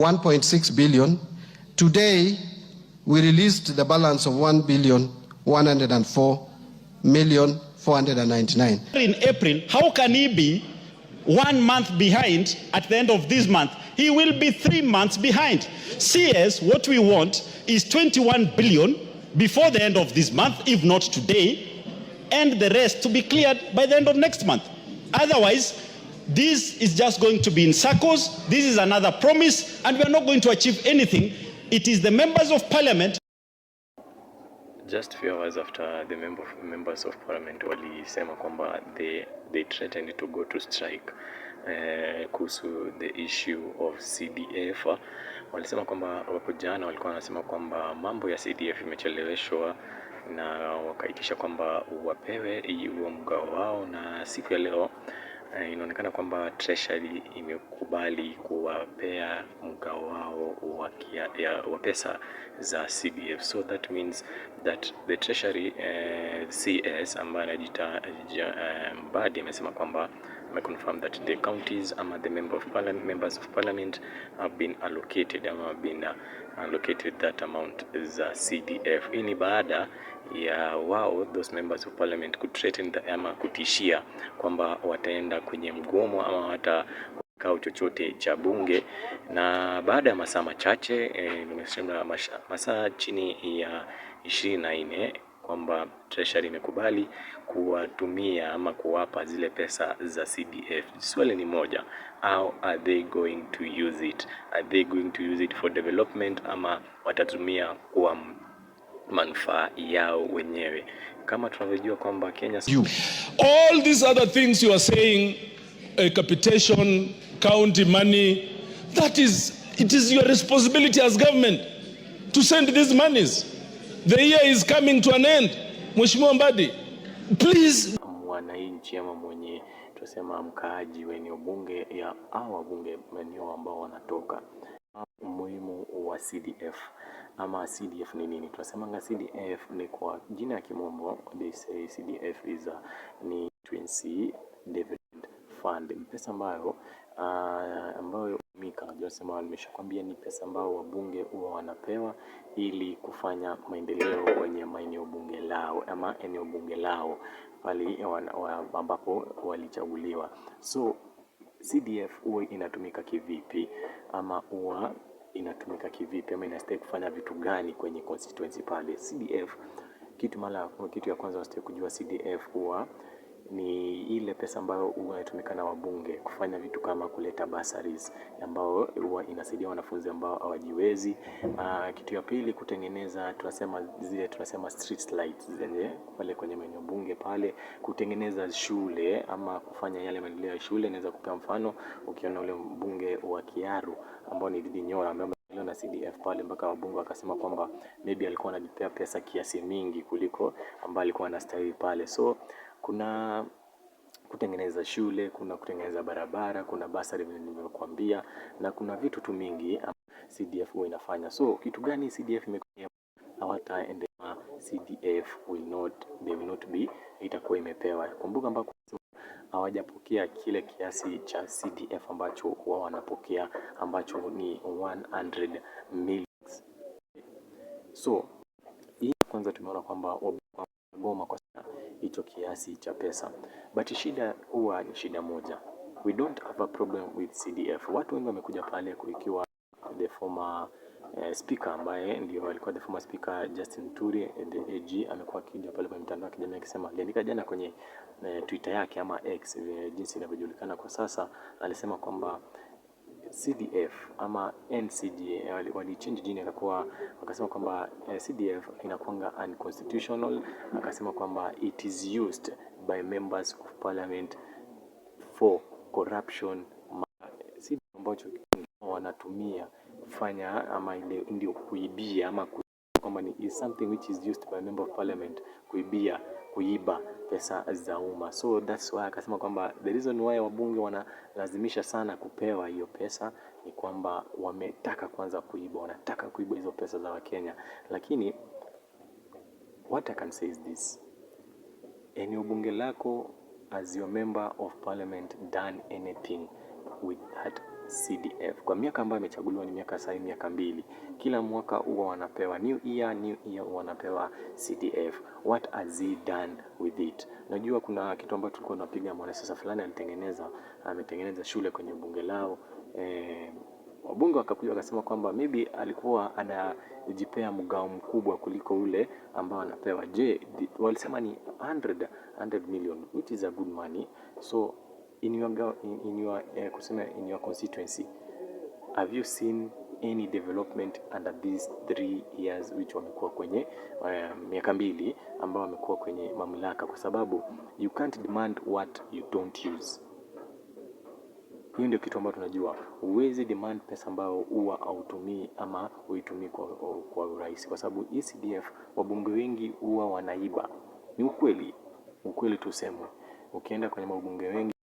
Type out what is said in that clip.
1.6 billion. Today, we released the balance of 1 billion 104 million 499. In April, how can he be one month behind at the end of this month? He will be three months behind. CS, what we want is 21 billion before the end of this month, if not today, and the rest to be cleared by the end of next month. Otherwise, This is just going to be in circles. This is another promise, and we are not going to achieve anything. It is the members of parliament. Just few hours after the member, members of parliament walisema kwamba they, they threatened to go to strike uh, kuhusu the issue of CDF. Walisema kwamba wapo jana walikuwa wanasema kwamba mambo ya CDF imecheleweshwa na wakaitisha kwamba wapewe huo mgao wao, na siku ya leo Eh, inaonekana kwamba treasury imekubali kuwapea mgao wao wa pesa za CDF, so that means that the treasury uh, eh, CS ambaye anajita uh, eh, Mbadi amesema kwamba confirm that the counties ama the member of parliament, members of parliament have been allocated ama been uh, allocated that amount za CDF. Hii ni baada ya wao those members of parliament kuthreaten the, ama kutishia kwamba wataenda kwenye mgomo ama wata kikao chochote cha bunge na baada ya masaa machache eh, masaa chini ya ishirini na nne kwamba treasury imekubali kuwatumia ama kuwapa zile pesa za CDF. Swali ni moja, how are they going to use it? Are they going to use it for development ama watatumia kwa manufaa yao wenyewe? Kama tunavyojua kwamba Kenya you. All these other things you are saying a capitation, county money, that is it is your responsibility as government to send these monies The year is coming to an end. Mheshimiwa Mbadi, please. Mwananchi ama mwenye tusema mkaaji wa eneo bunge ya au wabunge maeneo ambao wanatoka, umuhimu wa CDF ama CDF ni nini? Tunasemanga CDF ni kwa jina ya kimombo, they say CDF is a, ni Twin C Dividend Fund, pesa ambayo uh, ambayo mika Najua nimeshakwambia ni pesa ambao wabunge huwa wanapewa ili kufanya maendeleo kwenye maeneo bunge lao ama eneo bunge lao pale ambapo walichaguliwa. So CDF huwa inatumika kivipi ama huwa inatumika kivipi ama inastahili kufanya vitu gani kwenye constituency pale. CDF kitu mala, kitu ya kwanza unastahili kujua CDF huwa ni ile pesa ambayo huwa inatumika na wabunge kufanya vitu kama kuleta bursaries ambayo huwa inasaidia wanafunzi ambao hawajiwezi. Uh, kitu ya pili kutengeneza tunasema zile tunasema street lights zenye pale kwenye maeneo bunge pale, kutengeneza shule ama kufanya yale maendeleo ya shule. Naweza kupea mfano, ukiona ule mbunge wa Kiaru ambao ni Didi Nyora ambaye na CDF pale mpaka wabunge wakasema kwamba maybe alikuwa anajipea pesa kiasi mingi kuliko ambayo alikuwa anastahili pale so kuna kutengeneza shule, kuna kutengeneza barabara, kuna bursary vile nimekuambia, na kuna vitu tu mingi CDF huwa inafanya. So kitu gani CDF imekuja hawataendelea, CDF will not, they will not be, itakuwa imepewa. Kumbuka ambako hawajapokea kile kiasi cha CDF ambacho wao wanapokea ambacho ni 100 million. So hii kwanza tumeona kwamba wagoma kwa hicho kiasi cha pesa, but shida huwa ni shida moja, we don't have a problem with CDF. Watu wengi wamekuja pale ikiwa the former uh, speaker ambaye ndio alikuwa the former speaker Justin Turi eh, the AG amekuwa akija pale kwenye mtandao wa kijamii akisema, aliandika jana kwenye uh, Twitter yake ama X jinsi inavyojulikana kwa sasa, alisema kwamba CDF ama NCDA walichange jina ikakuwa, wakasema kwamba eh, CDF inakuanga unconstitutional, akasema kwamba it is used by members of parliament for corruption ambacho wanatumia kufanya ama ile ndio kuibia ama kwamba ni is something which is used by member of parliament kuibia kuiba pesa za umma. So that's why akasema kwamba the reason why wabunge wanalazimisha sana kupewa hiyo pesa ni kwamba wametaka kwanza kuiba, wanataka kuiba hizo pesa za Wakenya. Lakini what I can say is this, eneo bunge lako as your member of parliament done anything with that CDF. Kwa miaka ambayo amechaguliwa ni miaka sahihi, miaka mbili. Kila mwaka huwa wanapewa new year, new year huwa wanapewa CDF. What has he done with it? Najua kuna kitu ambacho tulikuwa tunapiga, mwanasiasa fulani alitengeneza ametengeneza shule kwenye bunge lao eh, wabunge wakakuja wakasema kwamba maybe alikuwa anajipea mgao mkubwa kuliko ule ambao anapewa. Je, walisema ni 100, 100 million which is a good money so in your, in your uh, kusema in your constituency have you seen any development under these three years which wamekuwa kwenye um, miaka mbili ambao wamekuwa kwenye mamlaka, kwa sababu you can't demand what you don't use. Hiyo ndio kitu ambacho tunajua, huwezi demand pesa ambayo huwa hautumii ama uitumii kwa, kwa urahisi, kwa sababu ECDF wabunge wengi huwa wanaiba. Ni ukweli, ukweli tuseme, ukienda kwenye mabunge wengi